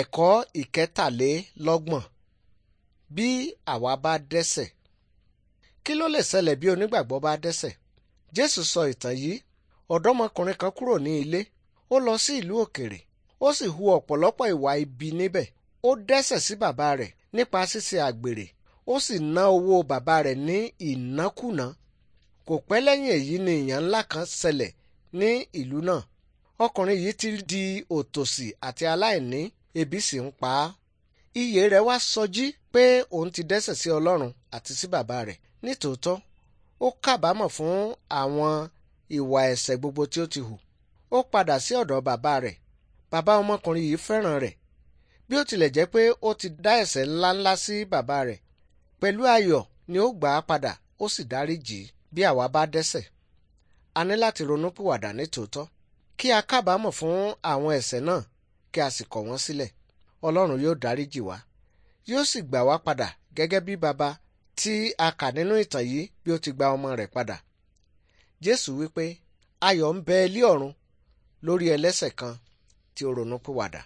ẹ̀kọ́ ìkẹtàlélọ́gbọ̀n bí àwa bá dẹ́ṣẹ̀ kí ló lè ṣẹlẹ̀ bí onígbàgbọ́ bá dẹ́ṣẹ̀ jésù sọ ìtàn yìí ọ̀dọ́mọkùnrin kan kúrò ní ilé ó lọ sí ìlú òkèrè ó sì hu ọ̀pọ̀lọpọ̀ ìwà ibi níbẹ̀ ó dẹ́ṣẹ̀ sí bàbá rẹ̀ nípa ṣíṣe àgbèrè ó sì ná owó bàbá rẹ̀ ní ìnákúná kò pẹ́ lẹ́yìn èyí ni ìyàn ńlá kan ṣẹlẹ̀ ní ìlú náà ọkùnrin yìí ti di òtòṣì àti aláìní ebi sì ń pa á. Iyè rẹ̀ wá sọjí pé òun ti dẹ́ṣẹ̀ sí Ọlọ́run àti sí bàbá rẹ̀. Nítòótọ́, ó kábàámọ̀ fún àwọn ìwà ẹ̀ṣẹ̀ gbogbo tí ó ti hù. Ó padà sí ọ̀dọ̀ bàbá rẹ̀. Bàbá ọmọkùnrin yìí fẹ́ràn rẹ̀. Bí ó tilẹ̀ jẹ́ pé ó ti dá ẹ̀ṣẹ̀ ńláńlá sí bàbá rẹ̀. Pẹ̀lú ayọ̀ ni ó gbà á padà ó sì dáríjì í bí àwa bá dẹ́ṣẹ̀. A ní láti ronúpìwàdà nítòótọ́ kí a kábàámọ̀ fún àwọn ẹ̀ṣẹ̀ náà kí a sì kọ̀ wọ́n sílẹ̀ ọlọ́run yóò dáríjì wá yóò sì gbà wá padà gẹ́gẹ́ bí baba tí a kà nínú ìtàn yìí bí ó ti gba ọmọ rẹ̀ padà jésù wípé ayọ̀ ń bẹ ilé ọ̀run lórí ẹlẹ́sẹ̀ kan tí ó ronú pìwàdà